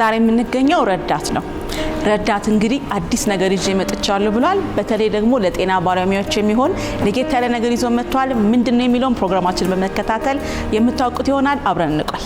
ዛሬ የምንገኘው ረዳት ነው። ረዳት እንግዲህ አዲስ ነገር ይዤ መጥቻለሁ ብሏል። በተለይ ደግሞ ለጤና ባለሙያዎች የሚሆን ለየት ያለ ነገር ይዞ መጥቷል። ምንድን ነው የሚለውን ፕሮግራማችን በመከታተል የምታውቁት ይሆናል። አብረን እንቋል።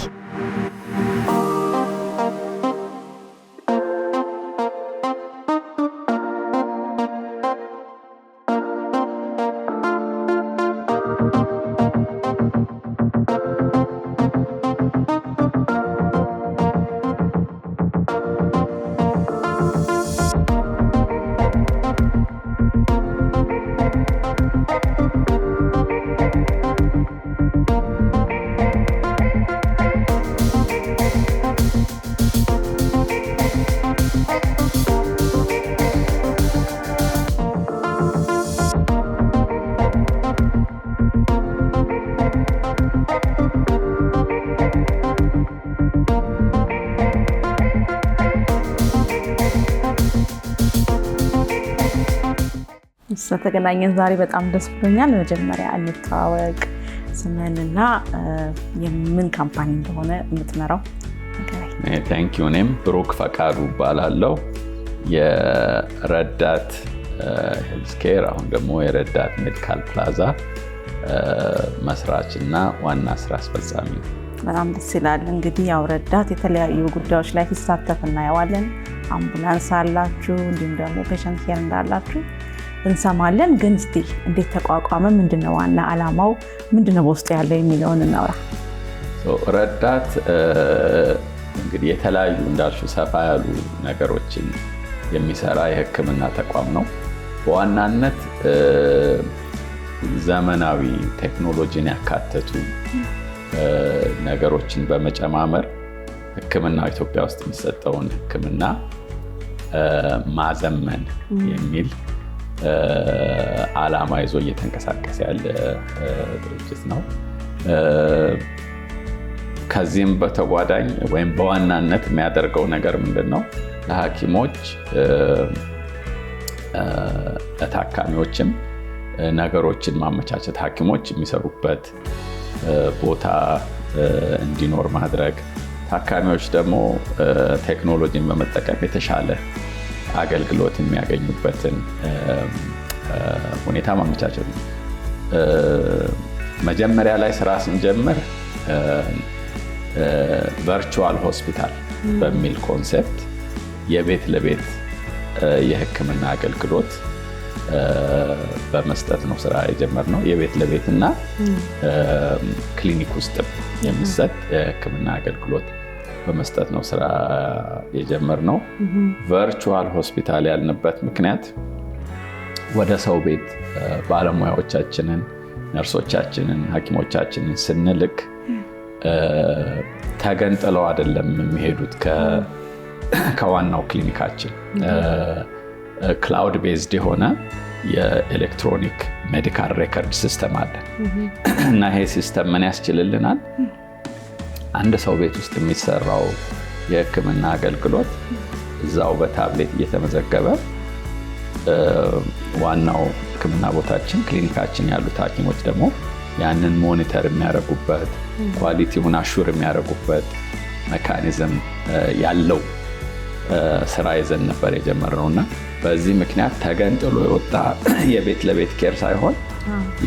ስለተገናኘን ዛሬ በጣም ደስ ብሎኛል። መጀመሪያ እንተዋወቅ፣ ስምህንና የምን ካምፓኒ እንደሆነ የምትመራው ንኪዩ። እኔም ብሩክ ፈቃዱ እባላለሁ የረዳት ሄልስኬር አሁን ደግሞ የረዳት ሜዲካል ፕላዛ መስራች እና ዋና ስራ አስፈጻሚ። በጣም ደስ ይላል። እንግዲህ ያው ረዳት የተለያዩ ጉዳዮች ላይ ሲሳተፍ እናየዋለን። አምቡላንስ አላችሁ፣ እንዲሁም ደግሞ ፔሸንት ኬር እንዳላችሁ እንሰማለን። ግን እስቲ እንዴት ተቋቋመ? ምንድነው ዋና ዓላማው? ምንድነው በውስጡ ያለው የሚለውን እናውራ። ረዳት እንግዲህ የተለያዩ እንዳልሹ ሰፋ ያሉ ነገሮችን የሚሰራ የሕክምና ተቋም ነው። በዋናነት ዘመናዊ ቴክኖሎጂን ያካተቱ ነገሮችን በመጨማመር ሕክምና ኢትዮጵያ ውስጥ የሚሰጠውን ሕክምና ማዘመን የሚል ዓላማ ይዞ እየተንቀሳቀሰ ያለ ድርጅት ነው። ከዚህም በተጓዳኝ ወይም በዋናነት የሚያደርገው ነገር ምንድን ነው? ለሐኪሞች ለታካሚዎችም ነገሮችን ማመቻቸት፣ ሐኪሞች የሚሰሩበት ቦታ እንዲኖር ማድረግ፣ ታካሚዎች ደግሞ ቴክኖሎጂን በመጠቀም የተሻለ አገልግሎት የሚያገኙበትን ሁኔታ ማመቻቸት ነው። መጀመሪያ ላይ ስራ ስንጀምር ቨርቹዋል ሆስፒታል በሚል ኮንሴፕት የቤት ለቤት የህክምና አገልግሎት በመስጠት ነው ስራ ነው የቤት ለቤት እና ክሊኒክ ውስጥ የሚሰጥ የህክምና አገልግሎት በመስጠት ነው ስራ የጀመርነው። ቨርቹዋል ሆስፒታል ያልንበት ምክንያት ወደ ሰው ቤት ባለሙያዎቻችንን፣ ነርሶቻችንን፣ ሐኪሞቻችንን ስንልክ ተገንጥለው አይደለም የሚሄዱት ከዋናው ክሊኒካችን ክላውድ ቤዝድ የሆነ የኤሌክትሮኒክ ሜዲካል ሬከርድ ሲስተም አለን እና ይሄ ሲስተም ምን ያስችልልናል? አንድ ሰው ቤት ውስጥ የሚሰራው የህክምና አገልግሎት እዛው በታብሌት እየተመዘገበ ዋናው ህክምና ቦታችን ክሊኒካችን ያሉት ሀኪሞች ደግሞ ያንን ሞኒተር የሚያደርጉበት ኳሊቲውን አሹር የሚያደርጉበት መካኒዝም ያለው ስራ ይዘን ነበር የጀመርነው እና በዚህ ምክንያት ተገንጥሎ የወጣ የቤት ለቤት ኬር ሳይሆን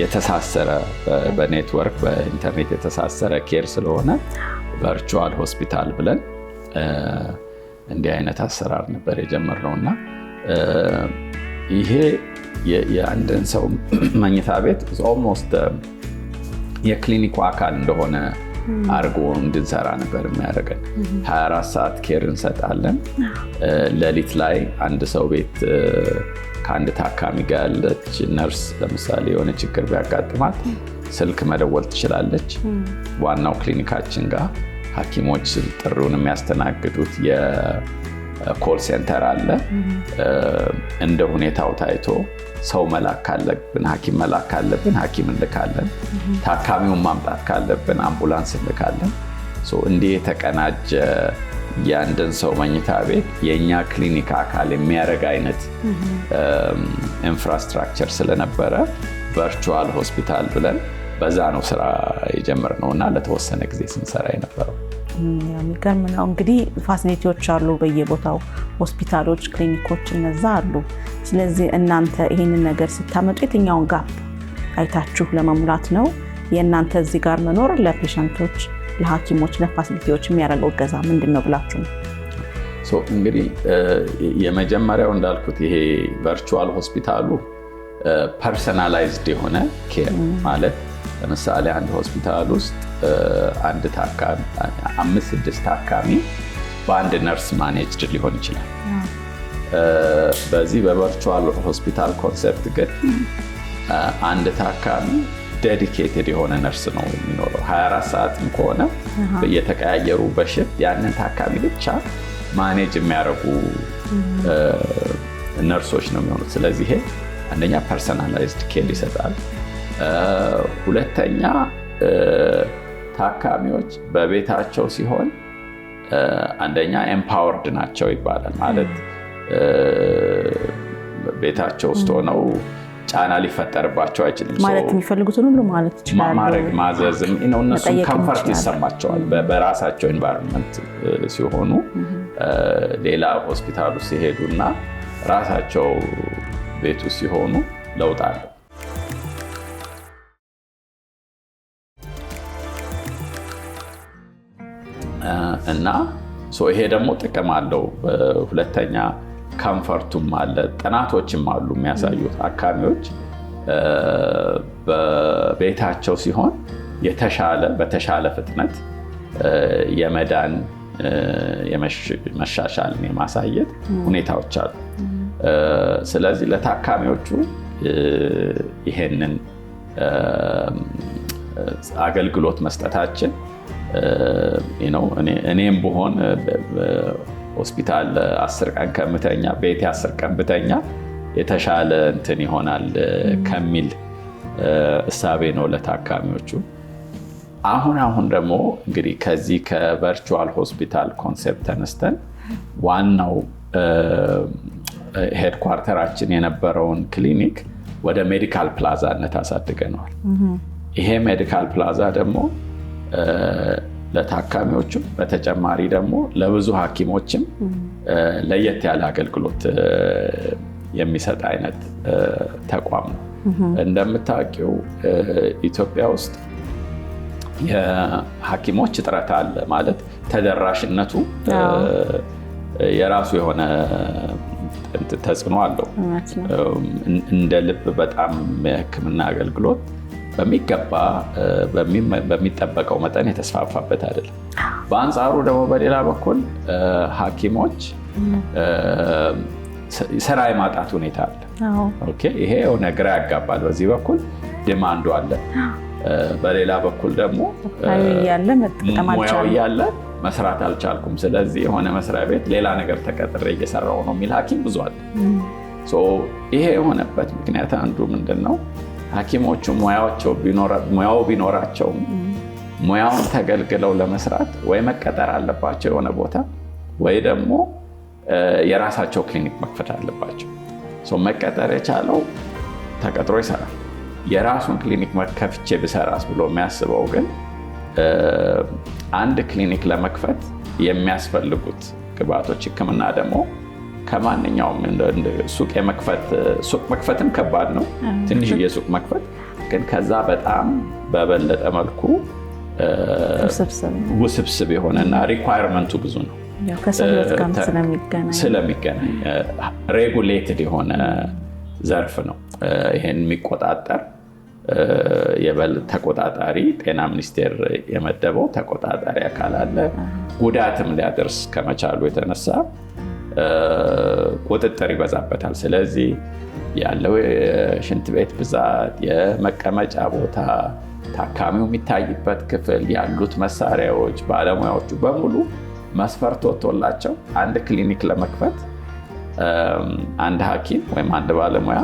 የተሳሰረ በኔትወርክ በኢንተርኔት የተሳሰረ ኬር ስለሆነ ቨርቹዋል ሆስፒታል ብለን እንዲህ አይነት አሰራር ነበር የጀመርነው እና ይሄ የአንድን ሰው መኝታ ቤት ኦልሞስት የክሊኒኩ አካል እንደሆነ አድርጎ እንድንሰራ ነበር የሚያደርገን። 24 ሰዓት ኬር እንሰጣለን። ሌሊት ላይ አንድ ሰው ቤት ከአንድ ታካሚ ጋር ያለች ነርስ ለምሳሌ የሆነ ችግር ቢያጋጥማት ስልክ መደወል ትችላለች። ዋናው ክሊኒካችን ጋር ሐኪሞች ጥሪውን የሚያስተናግዱት የኮል ሴንተር አለ። እንደ ሁኔታው ታይቶ ሰው መላክ ካለብን ሐኪም መላክ ካለብን ሐኪም እንልካለን። ታካሚውን ማምጣት ካለብን አምቡላንስ እንልካለን። እንዲህ የተቀናጀ የአንድን ሰው መኝታ ቤት የእኛ ክሊኒክ አካል የሚያደርግ አይነት ኢንፍራስትራክቸር ስለነበረ ቨርቹዋል ሆስፒታል ብለን በዛ ነው ስራ የጀመርነው እና ለተወሰነ ጊዜ ስንሰራ የነበረው። የሚገርም ነው እንግዲህ ፋሲሊቲዎች አሉ በየቦታው ሆስፒታሎች፣ ክሊኒኮች እነዛ አሉ። ስለዚህ እናንተ ይህንን ነገር ስታመጡ የትኛውን ጋፕ አይታችሁ ለመሙላት ነው? የእናንተ እዚህ ጋር መኖር ለፔሸንቶች፣ ለሐኪሞች፣ ለፋሲሊቲዎች የሚያደርገው እገዛ ምንድን ነው ብላችሁ ነው? እንግዲህ የመጀመሪያው እንዳልኩት ይሄ ቨርቹዋል ሆስፒታሉ ፐርሰናላይዝድ የሆነ ኬር ማለት ለምሳሌ አንድ ሆስፒታል ውስጥ አንድ ታካሚ አምስት ስድስት ታካሚ በአንድ ነርስ ማኔጅድ ሊሆን ይችላል። በዚህ በቨርቹዋል ሆስፒታል ኮንሰፕት ግን አንድ ታካሚ ዴዲኬትድ የሆነ ነርስ ነው የሚኖረው። 24 ሰዓትም ከሆነ እየተቀያየሩ በሽፍት ያንን ታካሚ ብቻ ማኔጅ የሚያደርጉ ነርሶች ነው የሚሆኑት። ስለዚህ አንደኛ ፐርሰናላይዝድ ኬር ይሰጣል። ሁለተኛ ታካሚዎች በቤታቸው ሲሆን አንደኛ ኤምፓወርድ ናቸው ይባላል። ማለት ቤታቸው ውስጥ ሆነው ጫና ሊፈጠርባቸው አይችልም። ማለት የሚፈልጉትን ሁሉ ማለት ይችላሉ። ማድረግ ማዘዝም ይሰማቸዋል በራሳቸው ኤንቫይሮንመንት ሲሆኑ ሌላ ሆስፒታሉ ሲሄዱ እና ራሳቸው ቤቱ ሲሆኑ ለውጥ አለው። እና ይሄ ደግሞ ጥቅም አለው። ሁለተኛ ከንፈርቱም አለ። ጥናቶችም አሉ የሚያሳዩት አካሚዎች በቤታቸው ሲሆን የተሻለ በተሻለ ፍጥነት የመዳን መሻሻልን የማሳየት ሁኔታዎች አሉ። ስለዚህ ለታካሚዎቹ ይሄንን አገልግሎት መስጠታችን ነው። እኔም ብሆን ሆስፒታል አስር ቀን ከምተኛ ቤት አስር ቀን ብተኛ የተሻለ እንትን ይሆናል ከሚል እሳቤ ነው ለታካሚዎቹ። አሁን አሁን ደግሞ እንግዲህ ከዚህ ከቨርቹዋል ሆስፒታል ኮንሴፕት ተነስተን ዋናው ሄድኳርተራችን የነበረውን ክሊኒክ ወደ ሜዲካል ፕላዛነት አሳድገነዋል። ይሄ ሜዲካል ፕላዛ ደግሞ ለታካሚዎችም በተጨማሪ ደግሞ ለብዙ ሐኪሞችም ለየት ያለ አገልግሎት የሚሰጥ አይነት ተቋም ነው። እንደምታውቂው ኢትዮጵያ ውስጥ የሐኪሞች እጥረት አለ። ማለት ተደራሽነቱ የራሱ የሆነ ተጽዕኖ አለው። እንደ ልብ በጣም የሕክምና አገልግሎት በሚገባ በሚጠበቀው መጠን የተስፋፋበት አይደለም። በአንጻሩ ደግሞ በሌላ በኩል ሐኪሞች ስራ የማጣት ሁኔታ አለ። ይሄ የሆነ ግራ ያጋባል። በዚህ በኩል ዲማንዱ አለ፣ በሌላ በኩል ደግሞ ሙያው እያለ መስራት አልቻልኩም፣ ስለዚህ የሆነ መስሪያ ቤት ሌላ ነገር ተቀጥሬ እየሰራው ነው የሚል ሐኪም ብዙ አለ። ይሄ የሆነበት ምክንያት አንዱ ምንድን ነው? ሐኪሞቹ ሙያው ቢኖራቸውም ሙያውን ተገልግለው ለመስራት ወይ መቀጠር አለባቸው የሆነ ቦታ ወይ ደግሞ የራሳቸው ክሊኒክ መክፈት አለባቸው። መቀጠር የቻለው ተቀጥሮ ይሰራል። የራሱን ክሊኒክ መከፍቼ ብሰራስ ብሎ የሚያስበው ግን አንድ ክሊኒክ ለመክፈት የሚያስፈልጉት ግብዓቶች ሕክምና ደግሞ ከማንኛውም ሱቅ የመክፈት ሱቅ መክፈትም ከባድ ነው። ትንሽ የሱቅ መክፈት ግን ከዛ በጣም በበለጠ መልኩ ውስብስብ የሆነና ሪኳየርመንቱ ብዙ ነው ስለሚገናኝ ሬጉሌትድ የሆነ ዘርፍ ነው። ይሄን የሚቆጣጠር ተቆጣጣሪ ጤና ሚኒስቴር የመደበው ተቆጣጣሪ አካል አለ። ጉዳትም ሊያደርስ ከመቻሉ የተነሳ ቁጥጥር ይበዛበታል። ስለዚህ ያለው የሽንት ቤት ብዛት፣ የመቀመጫ ቦታ፣ ታካሚው የሚታይበት ክፍል፣ ያሉት መሳሪያዎች፣ ባለሙያዎቹ በሙሉ መስፈርት ወጥቶላቸው አንድ ክሊኒክ ለመክፈት አንድ ሐኪም ወይም አንድ ባለሙያ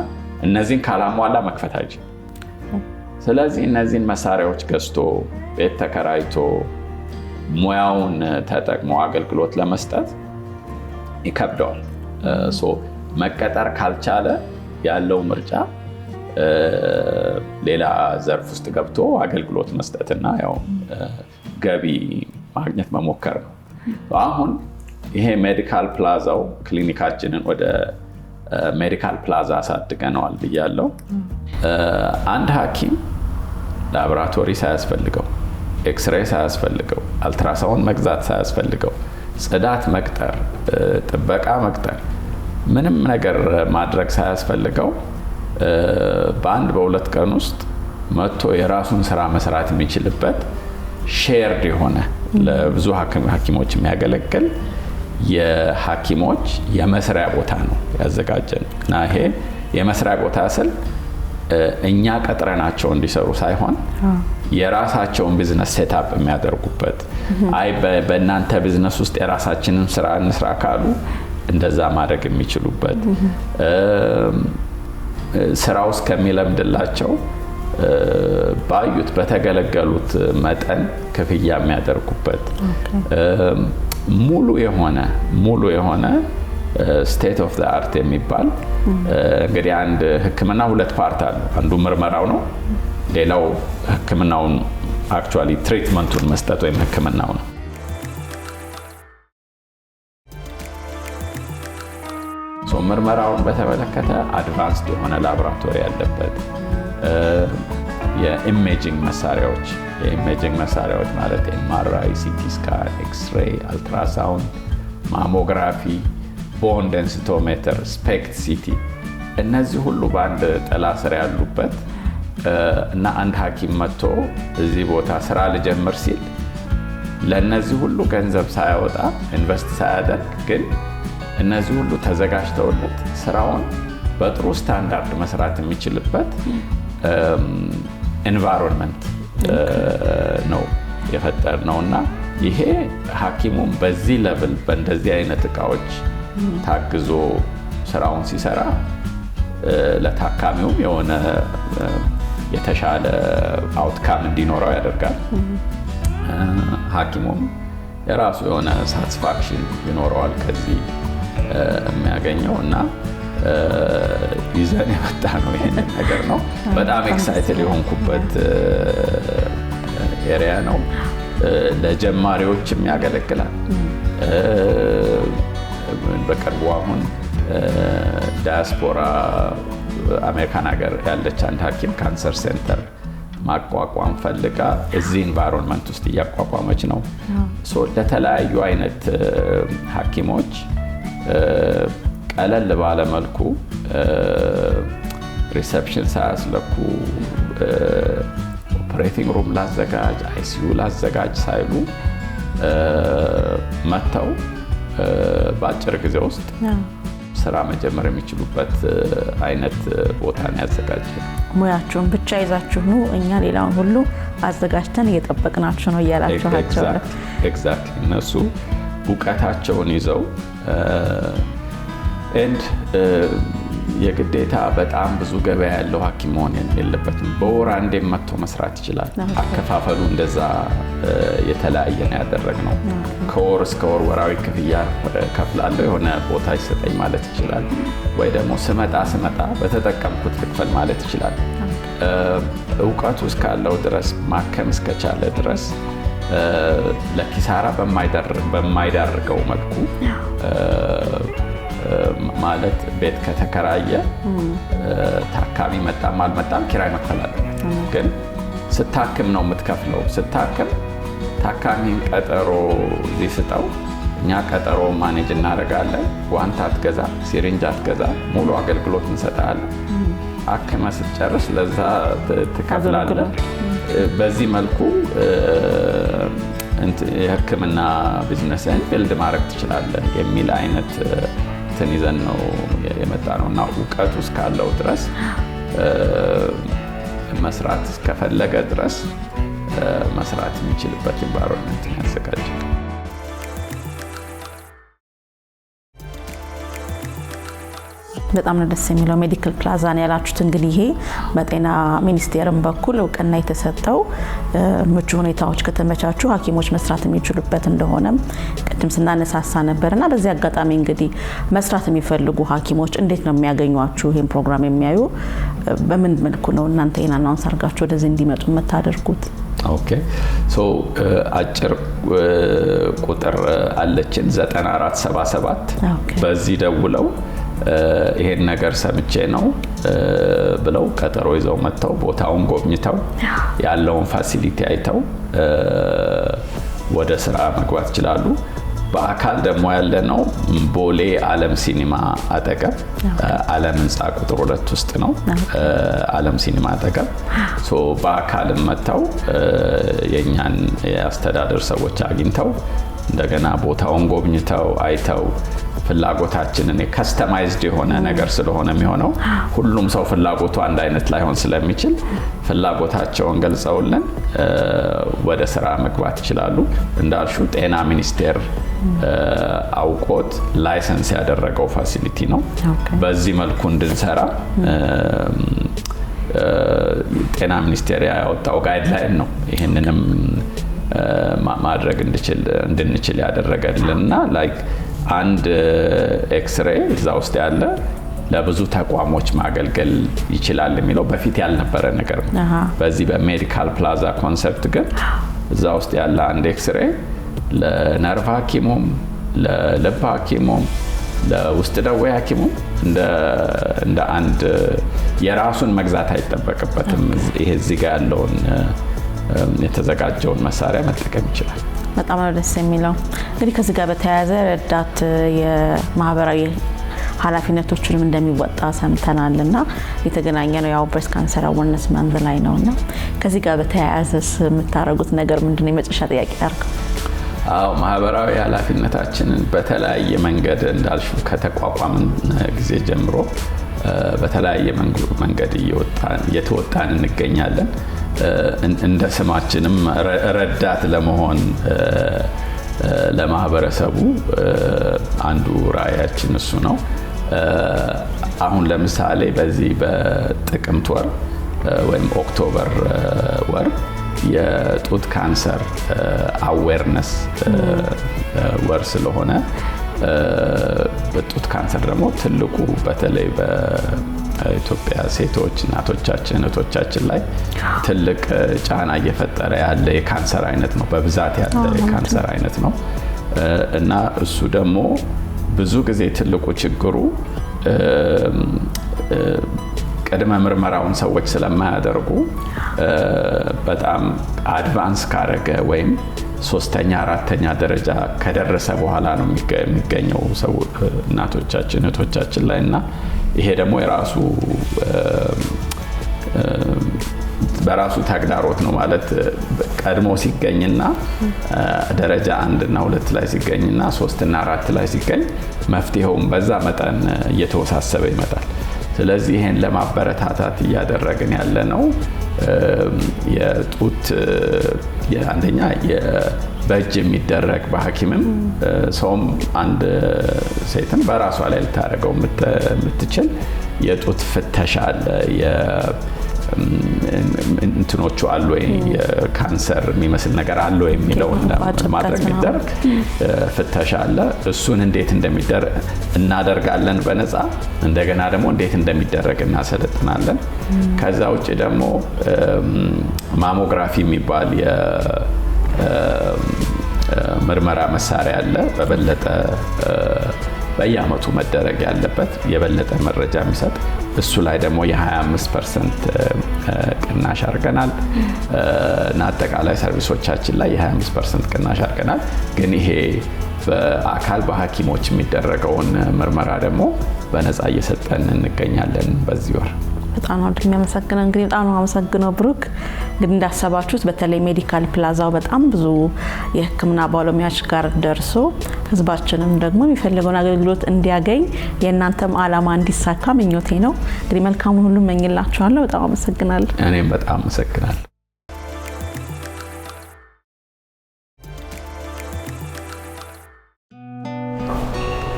እነዚህን ካላሟላ መክፈት አይችልም። ስለዚህ እነዚህን መሳሪያዎች ገዝቶ ቤት ተከራይቶ ሙያውን ተጠቅሞ አገልግሎት ለመስጠት ይከብደዋል። መቀጠር ካልቻለ ያለው ምርጫ ሌላ ዘርፍ ውስጥ ገብቶ አገልግሎት መስጠትና ያው ገቢ ማግኘት መሞከር ነው። አሁን ይሄ ሜዲካል ፕላዛው ክሊኒካችንን ወደ ሜዲካል ፕላዛ አሳድገነዋል ብያለው። አንድ ሐኪም ላቦራቶሪ ሳያስፈልገው፣ ኤክስሬ ሳያስፈልገው፣ አልትራሳውን መግዛት ሳያስፈልገው ጽዳት መቅጠር፣ ጥበቃ መቅጠር፣ ምንም ነገር ማድረግ ሳያስፈልገው በአንድ በሁለት ቀን ውስጥ መጥቶ የራሱን ስራ መስራት የሚችልበት ሼርድ የሆነ ለብዙ ሐኪሞች የሚያገለግል የሐኪሞች የመስሪያ ቦታ ነው ያዘጋጀ እና ይሄ የመስሪያ ቦታ ስል እኛ ቀጥረናቸው እንዲሰሩ ሳይሆን የራሳቸውን ቢዝነስ ሴታፕ የሚያደርጉበት አይ በእናንተ ቢዝነስ ውስጥ የራሳችንን ስራ እንስራ ካሉ እንደዛ ማድረግ የሚችሉበት ስራ ውስጥ ከሚለምድላቸው ባዩት በተገለገሉት መጠን ክፍያ የሚያደርጉበት ሙሉ የሆነ ሙሉ የሆነ ስቴት ኦፍ አርት የሚባል እንግዲህ አንድ ህክምና ሁለት ፓርት አለ። አንዱ ምርመራው ነው። ሌላው ህክምናውን አክቹዋሊ ትሪትመንቱን መስጠት ወይም ህክምናው ነው። ምርመራውን በተመለከተ አድቫንስድ የሆነ ላቦራቶሪ ያለበት የኢሜጂንግ መሳሪያዎች የኢሜጂንግ መሳሪያዎች ማለት ኤምአርአይ፣ ሲቲ ስካን፣ ኤክስሬይ፣ አልትራሳውንድ፣ ማሞግራፊ ቦንድ ስቶሜትር ስፔክት ሲቲ እነዚህ ሁሉ በአንድ ጥላ ስር ያሉበት እና አንድ ሐኪም መጥቶ እዚህ ቦታ ስራ ልጀምር ሲል ለእነዚህ ሁሉ ገንዘብ ሳያወጣ ኢንቨስት ሳያደርግ ግን እነዚህ ሁሉ ተዘጋጅተውለት ስራውን በጥሩ ስታንዳርድ መስራት የሚችልበት ኤንቫይሮንመንት ነው የፈጠር ነው እና ይሄ ሀኪሙም በዚህ ለብል በእንደዚህ አይነት እቃዎች ታግዞ ስራውን ሲሰራ ለታካሚውም የሆነ የተሻለ አውትካም እንዲኖረው ያደርጋል። ሐኪሙም የራሱ የሆነ ሳቲስፋክሽን ይኖረዋል ከዚህ የሚያገኘው እና ይዘን የመጣ ነው ይህንን ነገር ነው። በጣም ኤክሳይትድ የሆንኩበት ኤሪያ ነው። ለጀማሪዎችም ያገለግላል። በቅርቡ አሁን ዳያስፖራ አሜሪካን ሀገር ያለች አንድ ሐኪም ካንሰር ሴንተር ማቋቋም ፈልጋ እዚህ ኢንቫይሮንመንት ውስጥ እያቋቋመች ነው። ለተለያዩ አይነት ሐኪሞች ቀለል ባለ መልኩ ሪሰፕሽን ሳያስለኩ ኦፕሬቲንግ ሩም ላዘጋጅ፣ አይሲዩ ላዘጋጅ ሳይሉ መጥተው በአጭር ጊዜ ውስጥ ስራ መጀመር የሚችሉበት አይነት ቦታ ነው ያዘጋጀ። ሙያችሁን ብቻ ይዛችሁኑ እኛ ሌላውን ሁሉ አዘጋጅተን እየጠበቅናችሁ ነው እያላችኋቸው። ኤግዛክትሊ እነሱ እውቀታቸውን ይዘው ኤንድ የግዴታ በጣም ብዙ ገበያ ያለው ሐኪም መሆን የለበትም። በወር አንዴ መጥቶ መስራት ይችላል። አከፋፈሉ እንደዛ የተለያየ ነው ያደረግነው። ከወር እስከ ወር ወራዊ ክፍያ ከፍላለሁ የሆነ ቦታ ይሰጠኝ ማለት ይችላል። ወይ ደግሞ ስመጣ ስመጣ በተጠቀምኩት ልክፈል ማለት ይችላል። እውቀቱ እስካለው ድረስ ማከም እስከቻለ ድረስ ለኪሳራ በማይዳርገው መልኩ ማለት ቤት ከተከራየ ታካሚ መጣም አልመጣም ኪራይ መክፈል ግን ስታክም ነው የምትከፍለው። ስታክም ታካሚን ቀጠሮ ስጠው እኛ ቀጠሮ ማኔጅ እናደርጋለን። ዋንት አትገዛ፣ ሲሪንጅ አትገዛ፣ ሙሉ አገልግሎት እንሰጣለን። አክመ ስትጨርስ ለዛ ትከፍላለን። በዚህ መልኩ የህክምና ቢዝነስን ቢልድ ማድረግ ትችላለህ የሚል አይነት እንትን ይዘን ነው የመጣ ነው እና እውቀቱ እስካለው ድረስ መስራት እስከፈለገ ድረስ መስራት የሚችልበት ኢንቫይሮንመንት ያዘጋጃል በጣም ነው ደስ የሚለው ሜዲካል ፕላዛ ነው ያላችሁት። እንግዲህ ይሄ በጤና ሚኒስቴርም በኩል እውቅና የተሰጠው ምቹ ሁኔታዎች ከተመቻቹ ሐኪሞች መስራት የሚችሉበት እንደሆነም ቅድም ስናነሳሳ ነበር እና በዚህ አጋጣሚ እንግዲህ መስራት የሚፈልጉ ሐኪሞች እንዴት ነው የሚያገኟችሁ? ይህን ፕሮግራም የሚያዩ በምን መልኩ ነው እናንተ ይህን አናውንስ አድርጋችሁ ወደዚህ እንዲመጡ የምታደርጉት? ኦኬ ሶ አጭር ቁጥር አለችን 9477 በዚህ ደውለው ይሄን ነገር ሰምቼ ነው ብለው ቀጠሮ ይዘው መጥተው ቦታውን ጎብኝተው ያለውን ፋሲሊቲ አይተው ወደ ስራ መግባት ይችላሉ። በአካል ደግሞ ያለ ነው ቦሌ አለም ሲኒማ አጠገብ አለም ህንፃ ቁጥር ሁለት ውስጥ ነው። አለም ሲኒማ አጠገብ በአካልም መጥተው የእኛን የአስተዳደር ሰዎች አግኝተው እንደገና ቦታውን ጎብኝተው አይተው ፍላጎታችንን ከስተማይዝድ የሆነ ነገር ስለሆነ የሚሆነው ሁሉም ሰው ፍላጎቱ አንድ አይነት ላይሆን ስለሚችል ፍላጎታቸውን ገልጸውልን ወደ ስራ መግባት ይችላሉ። እንዳልሹ ጤና ሚኒስቴር አውቆት ላይሰንስ ያደረገው ፋሲሊቲ ነው። በዚህ መልኩ እንድንሰራ ጤና ሚኒስቴር ያወጣው ጋይድላይን ነው ይህንንም ማድረግ እንድንችል ያደረገልን እና ላይክ አንድ ኤክስሬ እዛ ውስጥ ያለ ለብዙ ተቋሞች ማገልገል ይችላል የሚለው በፊት ያልነበረ ነገር ነው። በዚህ በሜዲካል ፕላዛ ኮንሰፕት ግን እዛ ውስጥ ያለ አንድ ኤክስሬ ለነርቭ ሐኪሙም ለልብ ሐኪሙም ለውስጥ ደዌ ሐኪሙም እንደ አንድ የራሱን መግዛት አይጠበቅበትም። ይሄ እዚህ ጋር ያለውን የተዘጋጀውን መሳሪያ መጠቀም ይችላል። በጣም ነው ደስ የሚለው። እንግዲህ ከዚህ ጋር በተያያዘ ረዳት የማህበራዊ ኃላፊነቶችንም እንደሚወጣ ሰምተናል እና የተገናኘ ነው ያው ብሬስት ካንሰር አወርነስ መንዝ ላይ ነው እና ከዚህ ጋር በተያያዘስ የምታደርጉት ነገር ምንድን ነው? የመጨረሻ ጥያቄ ያርገ አዎ ማህበራዊ ኃላፊነታችንን በተለያየ መንገድ እንዳልሹ ከተቋቋምን ጊዜ ጀምሮ በተለያየ መንገድ እየተወጣን እንገኛለን። እንደ ስማችንም ረዳት ለመሆን ለማህበረሰቡ አንዱ ራዕያችን እሱ ነው። አሁን ለምሳሌ በዚህ በጥቅምት ወር ወይም ኦክቶበር ወር የጡት ካንሰር አዌርነስ ወር ስለሆነ በጡት ካንሰር ደግሞ ትልቁ በተለይ ኢትዮጵያ ሴቶች እናቶቻችን፣ እህቶቻችን ላይ ትልቅ ጫና እየፈጠረ ያለ የካንሰር አይነት ነው። በብዛት ያለ የካንሰር አይነት ነው እና እሱ ደግሞ ብዙ ጊዜ ትልቁ ችግሩ ቅድመ ምርመራውን ሰዎች ስለማያደርጉ በጣም አድቫንስ ካረገ ወይም ሶስተኛ አራተኛ ደረጃ ከደረሰ በኋላ ነው የሚገኘው ሰው እናቶቻችን እህቶቻችን ላይ እና ይሄ ደግሞ የራሱ በራሱ ተግዳሮት ነው ማለት ቀድሞ ሲገኝና ደረጃ አንድ እና ሁለት ላይ ሲገኝና ሶስት ሶስትና አራት ላይ ሲገኝ መፍትሄውም በዛ መጠን እየተወሳሰበ ይመጣል። ስለዚህ ይሄን ለማበረታታት እያደረግን ያለ ነው የጡት አንደኛ በእጅ የሚደረግ በሐኪምም ሰውም አንድ ሴትን በራሷ ላይ ልታደርገው የምትችል የጡት ፍተሻ አለ። እንትኖቹ አሉ ወይ የካንሰር የሚመስል ነገር አለ የሚለውን ለማድረግ የሚደረግ ፍተሻ አለ። እሱን እንዴት እንደሚደረግ እናደርጋለን በነፃ እንደገና ደግሞ እንዴት እንደሚደረግ እናሰለጥናለን። ከዛ ውጭ ደግሞ ማሞግራፊ የሚባል ምርመራ መሳሪያ አለ። በበለጠ በየአመቱ መደረግ ያለበት የበለጠ መረጃ የሚሰጥ እሱ ላይ ደግሞ የ25 ፐርሰንት ቅናሽ አድርገናል እና አጠቃላይ ሰርቪሶቻችን ላይ የ25 ፐርሰንት ቅናሽ አድርገናል። ግን ይሄ በአካል በሀኪሞች የሚደረገውን ምርመራ ደግሞ በነፃ እየሰጠን እንገኛለን በዚህ ወር በጣም ነው የሚያመሰግነው። እንግዲህ በጣም ነው አመሰግነው ብሩክ። እንግዲህ እንዳሰባችሁት በተለይ ሜዲካል ፕላዛው በጣም ብዙ የሕክምና ባለሙያዎች ጋር ደርሶ ህዝባችንም ደግሞ የሚፈልገውን አገልግሎት እንዲያገኝ የእናንተም አላማ እንዲሳካ ምኞቴ ነው። እንግዲህ መልካሙን ሁሉም መኝላችኋለሁ። በጣም አመሰግናለሁ። እኔም በጣም አመሰግናለሁ።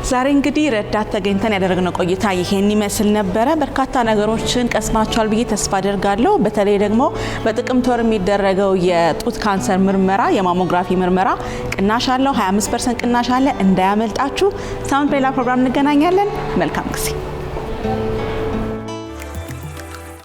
ዛሬ እንግዲህ ረዳት ተገኝተን ያደረግነው ቆይታ ይሄን ይመስል ነበረ። በርካታ ነገሮችን ቀስማችኋል ብዬ ተስፋ አደርጋለሁ። በተለይ ደግሞ በጥቅምት ወር የሚደረገው የጡት ካንሰር ምርመራ የማሞግራፊ ምርመራ ቅናሽ አለው፣ 25 ፐርሰንት ቅናሽ አለ። እንዳያመልጣችሁ። ሳምንት በሌላ ፕሮግራም እንገናኛለን። መልካም ጊዜ